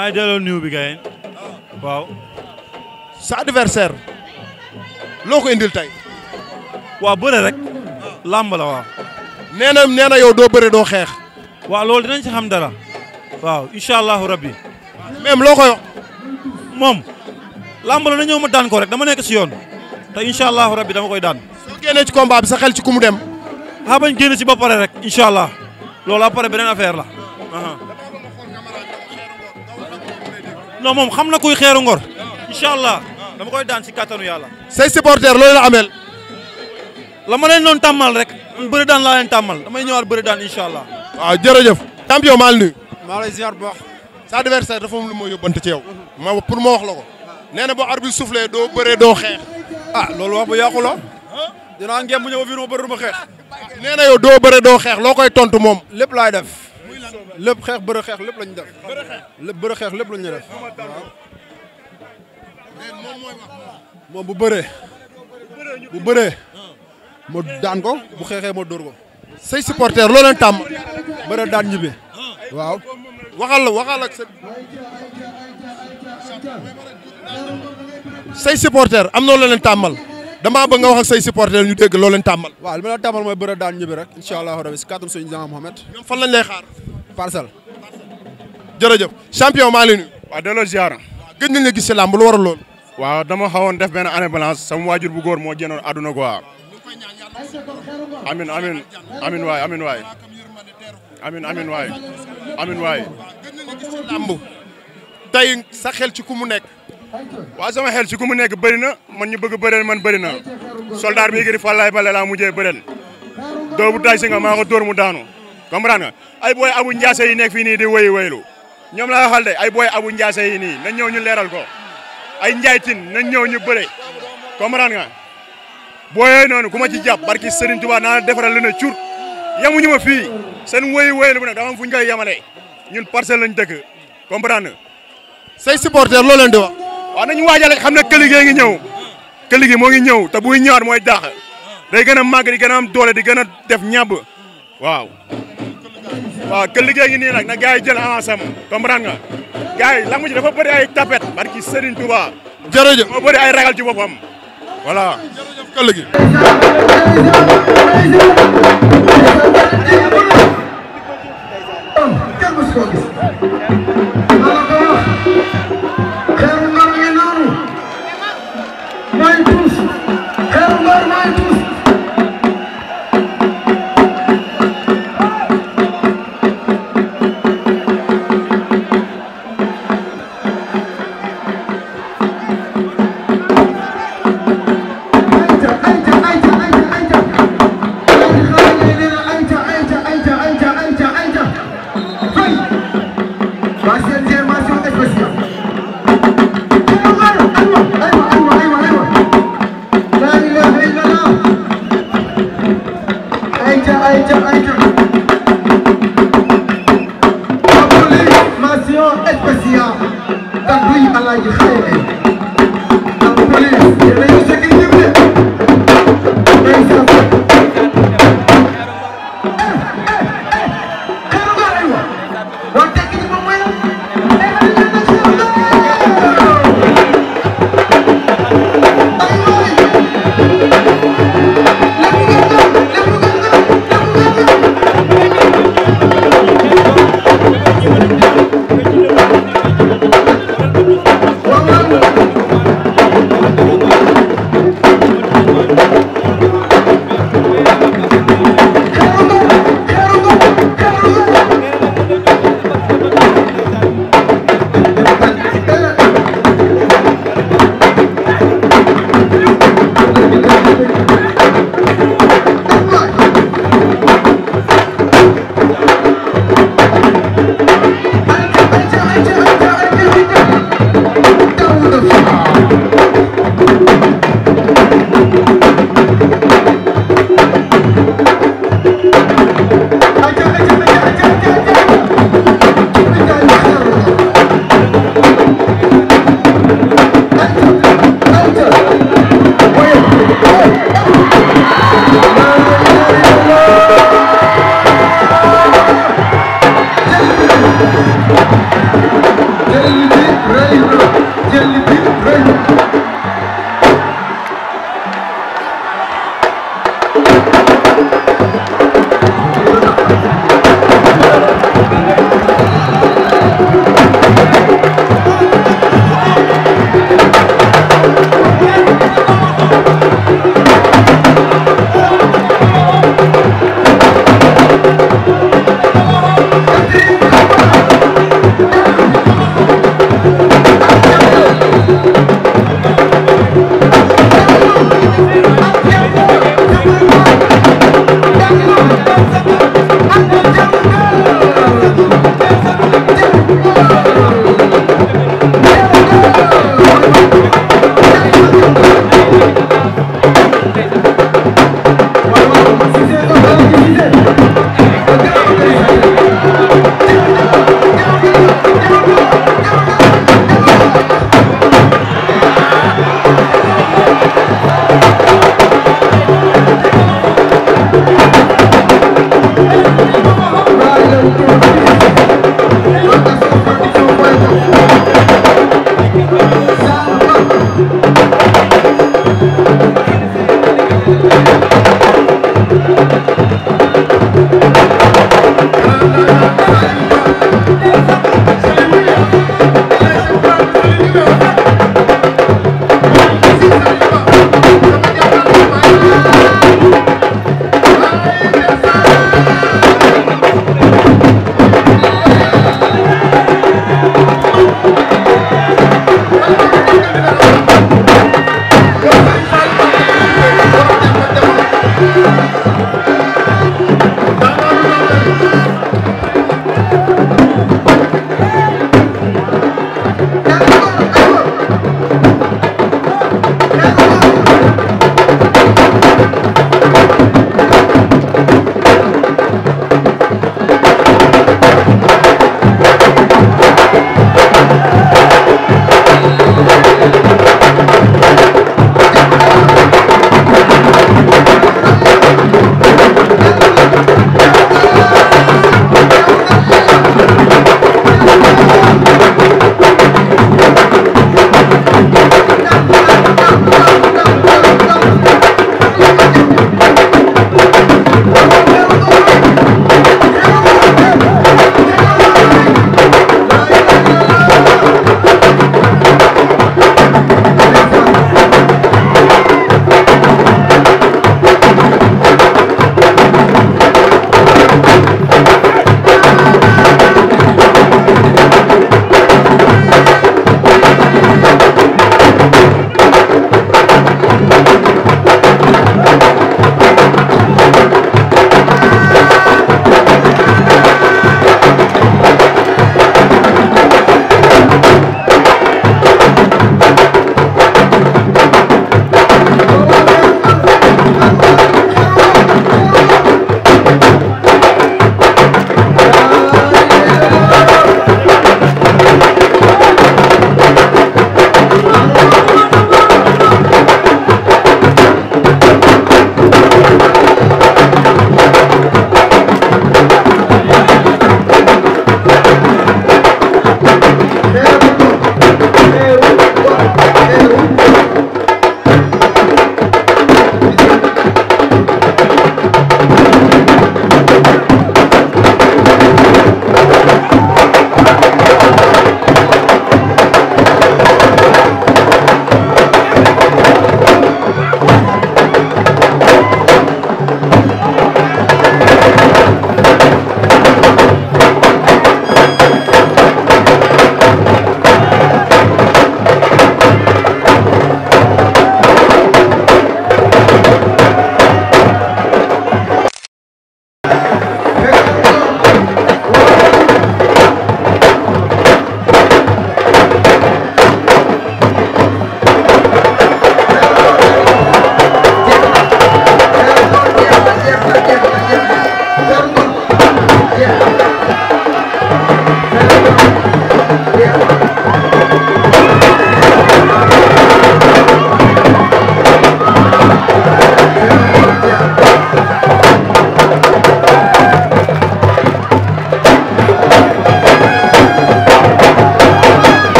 maa ngi delloo nuyu bi gars waaw. sa adversaire. loo ko indil tey. waaw bëre rek. làmb la waaw. nee na nee na yow doo bëre doo xeex. waaw loolu dinañ ci xam dara. waaw incha allahu rabbi. même loo ko wax. moom. làmb la ñëw ma daan ko rek dama nekk si yoon. te incha allahu rabbi dama koy daan. soo génnee ci combat bi sa xel ci ku mu dem. xaa bañ génn ci ba rek incha allah loolu après beneen affaire la. non moom xam na kuy xeeru ngor. incha allah dama koy daan si kattanu yàlla. say supporters loolu na ameel. la ma leen doon tàmmal rek. man bëri daan laa leen tàmmal damay ñëwaat bëri daan incha allah. waaw jërëjëf. champion maa ngi nuyu. maa bu baax. sa adversaire dafa am lu ma yóbbante ci ma pour ma wax la ko. nee na boo arbitre soufflé doo bëree doo xeex. ah loolu wax bu yàqu la. dinaa ngeen bu ñëw ba nee na yow doo bëree xeex loo koy tontu moom. lépp laay def. lépp xeex bëre xeex lépp lañu def. lépp bëre xeex lépp lañu def waaw. moom bu bëree. bu bëree. moo daan ko bu xeexee moo dóor ko. say supporters loo leen tàmm. bëre daan ñibbi. waaw waxal la waxal ak sa. say supporters am na loo leen tàmmal. damaa bëgg nga wax ak say supporters ñu dégg loo leen tàmmal. waaw li ma la tàmmal mooy bëre daan ñibbi rek incha allahu si kàddu suñu jaam Mohamed. ñoom fan xaar. parcelle. jërëjëf champion maa ngi lay nuyu. waaw delloo ziar. gis si làmb lu waral loolu. waaw dama xawoon def benn année balance sama waajur bu góor moo génnoon àdduna quoi. amin amin waay amin waay amin waay amin sa xel ci ku mu nekk. waaw sama xel ci ku mu nekk bëri na man ñu bëgg a man bëri na bi yëgëri Fallaye Bale laa mujjee bëreel. doobu tay si nga maa ko mu daanu. comprendre nga ay booy abu njaase yi nekk fii nii di wéy wéylu ñoom la waxal de ay booy abu njaase yi nii nañ ñëw ñu leeral ko ay njaaytin nañ ñëw ñu bëre comprendre nga booyee noonu ku ma ci jàpp barki Serigne Touba naa defaral lu ne cuur yamuñu ma fii sen wéy wéylu bu nag dafa fu ñu koy yemale ñun parcelle lañ dëkk comprendre nga. say supporters loo leen di wax. na ñu waajal xam na këli ngi ñëw këli moo ngi ñëw te buy ñëwaat mooy dàq day gën a màgg di gën a am doole di gën a def ñàbb waaw. waaw kër liggéey ngi nii nag na gars jël avancé am nga gars yi lamb ji dafa bëri ay tapet barki Serigne Touba jërëjëf dafa bëri ay ragal ci boppam dëgg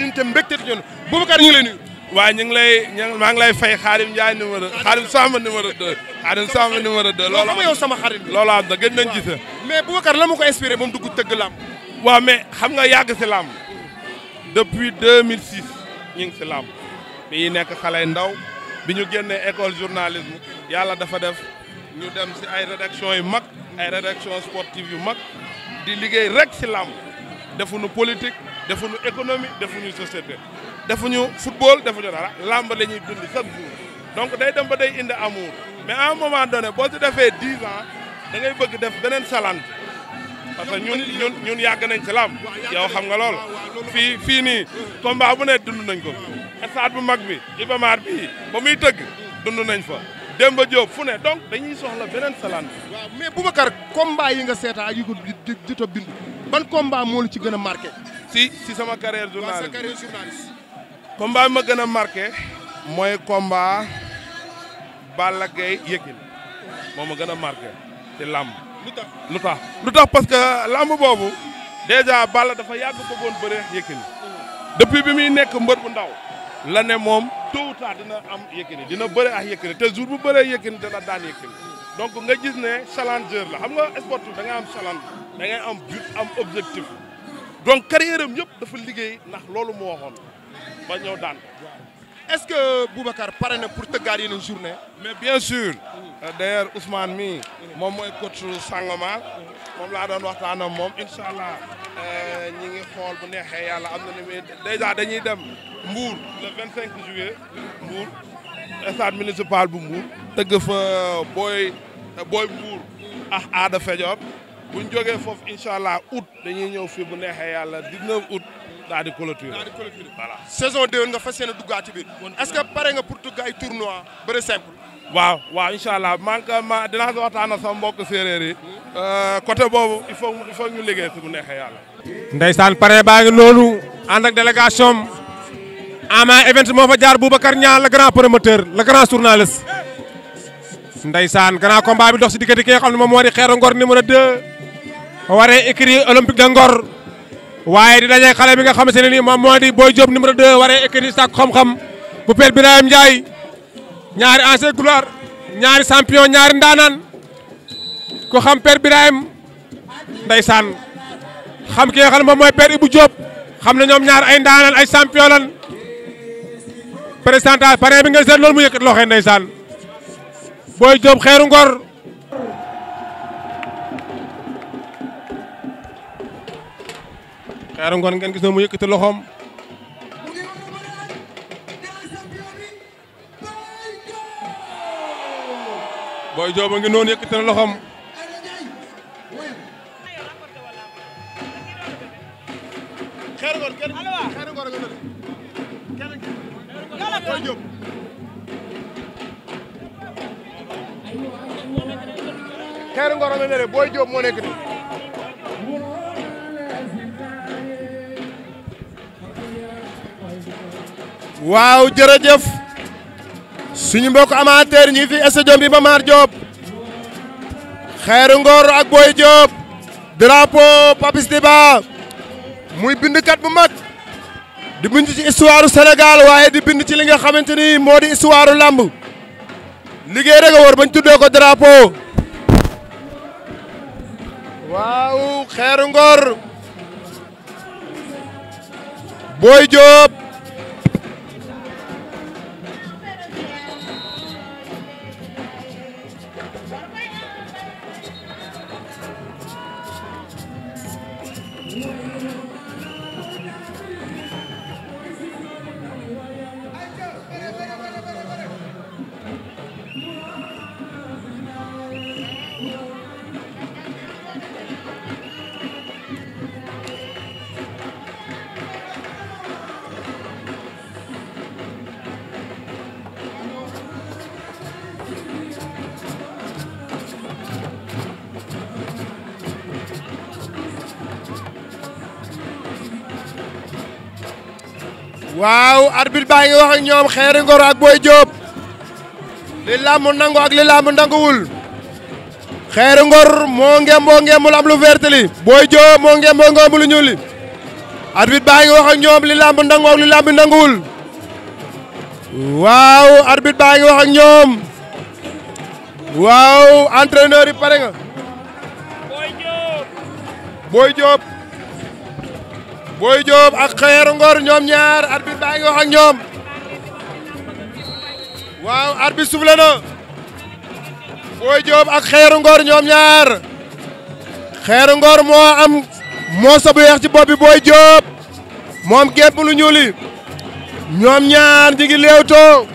ci ñun te mbégte ci ñun Boubacar ñu ngi lay nuyu. waaw ñu ngi lay maa ngi lay fay Xaadim Ndiaye numéro Xaadim Samba numéro 2. Xaadim Samba numéro 2. loolu am yow sama xarit loolu am na gën nañ mais Boubacar la ma ko inspiré moom mu dugg tëgg làmb. waaw mais xam nga yàgg si làmb. depuis 2006 ñu ngi si làmb. bi nekk xale ndaw bi ñu génnee école journalisme yàlla dafa def ñu dem si ay rédaction yu mag ay rédaction sportive yu mag di liggéey rek si làmb defuñu politique. defuñu économie defuñu société defuñu football defuñu dara làmb la ñuy dund chaque jour donc day dem ba day indi amour mais à un moment donné boo ci defee dix ans da ngay bëgg def beneen salante parce que ñun ñun ñun yàgg nañ ci làmb yow xam nga lool fii fii nii combat bu ne dund nañ ko stade bu mag bi Iba Mar bi ba muy tëgg dund nañ fa Demba Diop fu ne donc dañuy soxla beneen salante waaw mais Boubacar combat yi nga seeta ak yi ko di di bindu ban combat lu ci gën a marqué si si sama carrière journaliste carrière journaliste. combat bi ma gën a marqué. mooy combat Balla Gaye Yékini moo ma gën a marqué ci làmb. lu tax lu tax lu que làmb boobu déjà Balla dafa yàgg bëggoon bëre Yékini depuis bi muy nekk mbër bu ndaw. la ne moom tôt ou tard dina am Yékini dina bëre ak Yékini te jour bu bëree Yékini dana daan Yékini donc nga gis ne challenger la xam nga sportif da nga am challenge da am but am objectif. donc carrière am yëpp dafa liggéey ndax loolu moo waxoon ba ñëw daan est-ce que Boubacar pare na pour tëggaat yeneen journée. mais bien sur d'ailleurs Ousmane mi moom mooy coach Sangomar. moom laa doon waxtaan moom incha allah. Euh, ñi ngi xool bu neexee yàlla am na ni muy déjà dañuy dem Mbour le 25 juillet. Mbour stade municipal bu Mbour. tëgg fa booy booy Mbour. ah Aada Fedior. buñ jógee foofu incha allah août dañuy ñëw fii bu neexee yàlla 19 août daal di clôturer. daal di saison déwén nga fa yéene duggaat bi biir. est-ce que pare nga pour dugg ay tournoi bëri simple. waaw waaw incha allah man ma dinaa waxtaan ak sama mbokk séeréer yi. Euh, côté boobu il ñu liggéey si bu neexee yàlla. ndeysaan pare baa ngi loolu. ànd ak délégation am. ama fa jaar Boubacar Niang le grand promoteur le grand journaliste. ndeysaan grand combat bi dox si diggante ki waree écurie olympique de Ngor waaye di daje xale bi nga xamante ne nii moom moo di Boy Diop numéro 2 waree écurie sàkk xam-xam bu Père Birahim Ndiaye ñaari ancien gloire ñaari champion ñaari ndaanaan ku xam Père Birahim ndeysaan xam ki nga xam ne moom mooy per Ibou joob xam ne ñoom ñaar ay ndaanaan ay champion lan présentation pare bi nga seet loolu mu yëkkat loxo ndeysaan Boy Diop xeeru Ngor. Kaaru Ngoon ngeen gis na mu yëkkati loxoom Boy Diop a ngi noonu yëkkati na loxoom Kaaru Ngoon nga ne Boy Diop moo waaw jërëjëf suñu mbokk amateur ñi fi stade bi Iba Mar Diop Xeeru ak Boy Diop drapeau Papis Diba muy bindkat bu mag di bind ci histoire Sénégal waaye di bind ci li nga xamante ni moo di histoire làmb liggéey rek a wër bañ tuddee ko drapeau waaw Xeeru Ngor Boy waaw arbitre baa ngi wax ñoom Xeeri ak Boy Diop li làmb nangu ak li làmb nanguwul Xeeri Ngor moo ngemboo ngembul am lu Boy Diop moo ngemboo ngembul lu ñuul li ngi wax ñoom li làmb nangu ak li làmb nanguwul waaw arbitre baa ngi wax ñoom waaw entraîneur yi pare Boy Diop Boy Diop ak Xeeru Ngor ñoom ñaar arbitre baa ngi wax ak ñoom waaw arbitre soufflé na Boy Diop ak Xeeru Ngor ñoom ñaar Xeeru Ngor moo am moo sabu yeex ci bopp bi Boy Diop moom gépp lu ñuuli ñoom ñaar ñi ngi léewtoo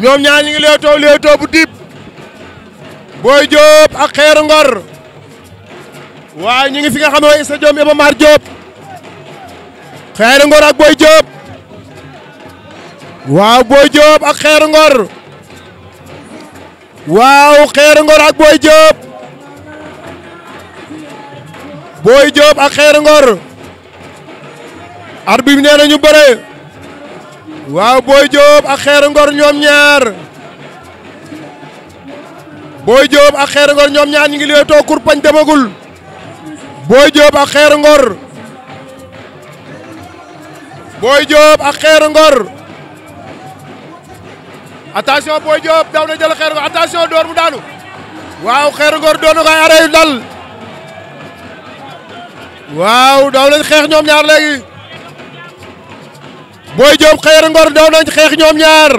ñoom ñaar ñi ngi léewtoo léewtoo bu dib Boy Diop ak Xeeru Ngor waaw ñu ngi fi nga xam ne mooy stade Iba Mar Diop Xeeru Ngor ak Boy Diop waaw Boy Diop ak Xeeru Ngor waaw Xeeru Ngor ak Boy Diop Boy Diop ak Xeeru Ngor ar ñu bëre waaw Boy Diop ak Xeeru ñoom ñaar Boy Diop ak ñoom ñaar ñu ngi lay toog kurpañ demagul Boy Diop ak Xeeru Ngor Boy Diop ak Xeeru Ngor attention Boy Diop daw na jël Xeeru Ngor attention door mu daanu waaw Xeeru Ngor doon na ko ay dal waaw daw nañ xeex ñoom ñaar léegi Boy Diop Xeeru Ngor daw nañ xeex ñoom ñaar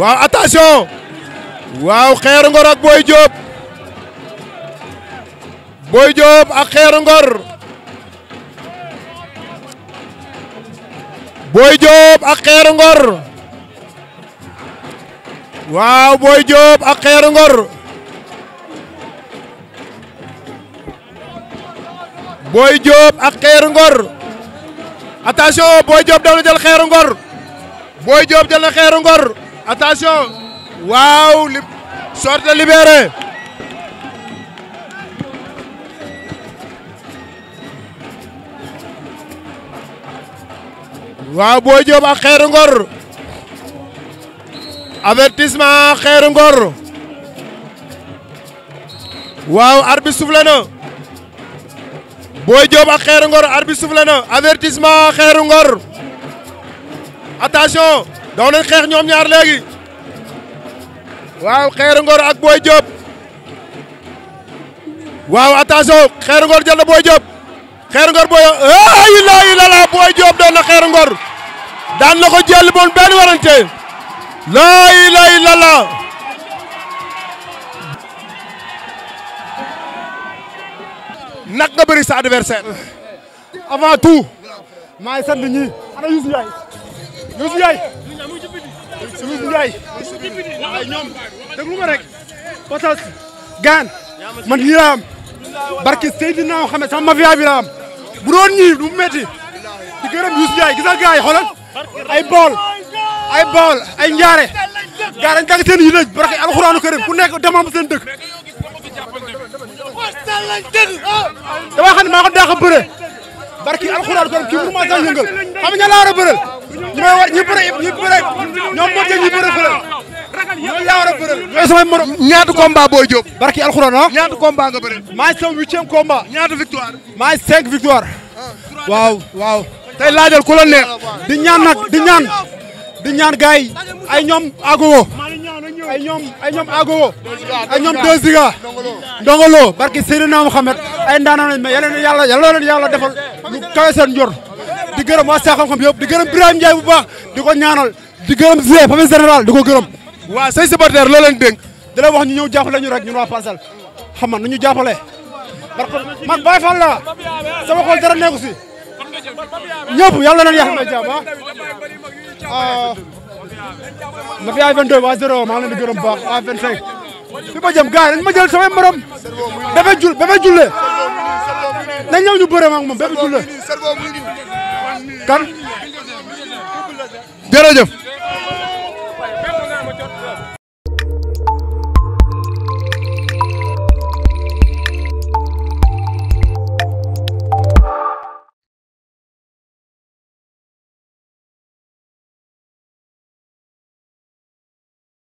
waaw attention waaw Xeeru Ngor ak Boy Diop Boy Diop ak Xeeru Ngor Boy Diop ak Xeeru Ngor Boy Diop Ngor Boy Diop ak Xeeru Ngor attention Boy Diop daw na jël Xeeru Ngor Boy Diop jël na Xeeru Ngor attention waaw li sorte waaw Boy Diop ak Xeeru Ngor avertissement Xeeru Ngor waaw arbitre soufflé na Boy ak Xeeru Ngor arbitre soufflé na avertissement Xeeru Ngor attention daw nañ xeex ñoom ñaar léegi waaw Xeeru Ngor ak Boy Diop waaw attention Xeeru Ngor jël na Boy Diop xeeru ngor booy ah ilaa ilaa booy Diop doon na daan na ko jël bon benn warante laa ilaa ilaa nak nga bëri avant tout. maa ngi sant ñi. ana Youssou Ndiaye. Youssou Ndiaye. Youssou Ndiaye. waaye ñoom déglu ma rek. sama mafia bi laa bu doon ñii du métti di gërëm Youssou Ndiaye gisal gars yi xoolal ay bool ay bool ay njaare gars dañ tàgg seen yi dëj barke alxuraanu karim ku nekk demam seen dëkk oh. dama xam ne maa ko dàq bëre barki alxuraan kon kii mënu maa sax yëngal xam nga laa war a bëral ñi may wax ñoom moo tax ñi bëre bëral laa war a bëral ñooy samay morom ñaata combat booy Diop barki alxuraan ah ñaata combat nga bëre maa ngi sama victoire ah, waaw waaw tey laajal ku la ah, di ñaan nag di ñaan di ay ñoom agogo ay ñoom ay ñoom Agogo ay ñoom deux ziga ndongolo barki Seydina Mouhamed ay ndaanaan lañ mais yeneen yàlla yàlla leen yàlla defal lu kawe seen di gërëm waa Saxam xam yëpp di gërëm Birame Ndiaye bu baax di ko ñaanal di gërëm Zé famille général di ko gërëm waa say supporter loo leen dénk da leen wax ñu ñëw jàppale ñu rek ñu waa Parcelles xam nga nañu jàppale barke man Baye Fall la sama xol dara nekku si ñëpp yàlla leen yàlla may jàmm ah Mafia A22 waa zéro maa ngi leen di gërëm baax A25 fi ma jëm gars yi dañ ma jël samay morom Bébé Diouldé Bébé Diouldé na ñëw ñu bëre ak moom Bébé Diouldé kan jërëjëf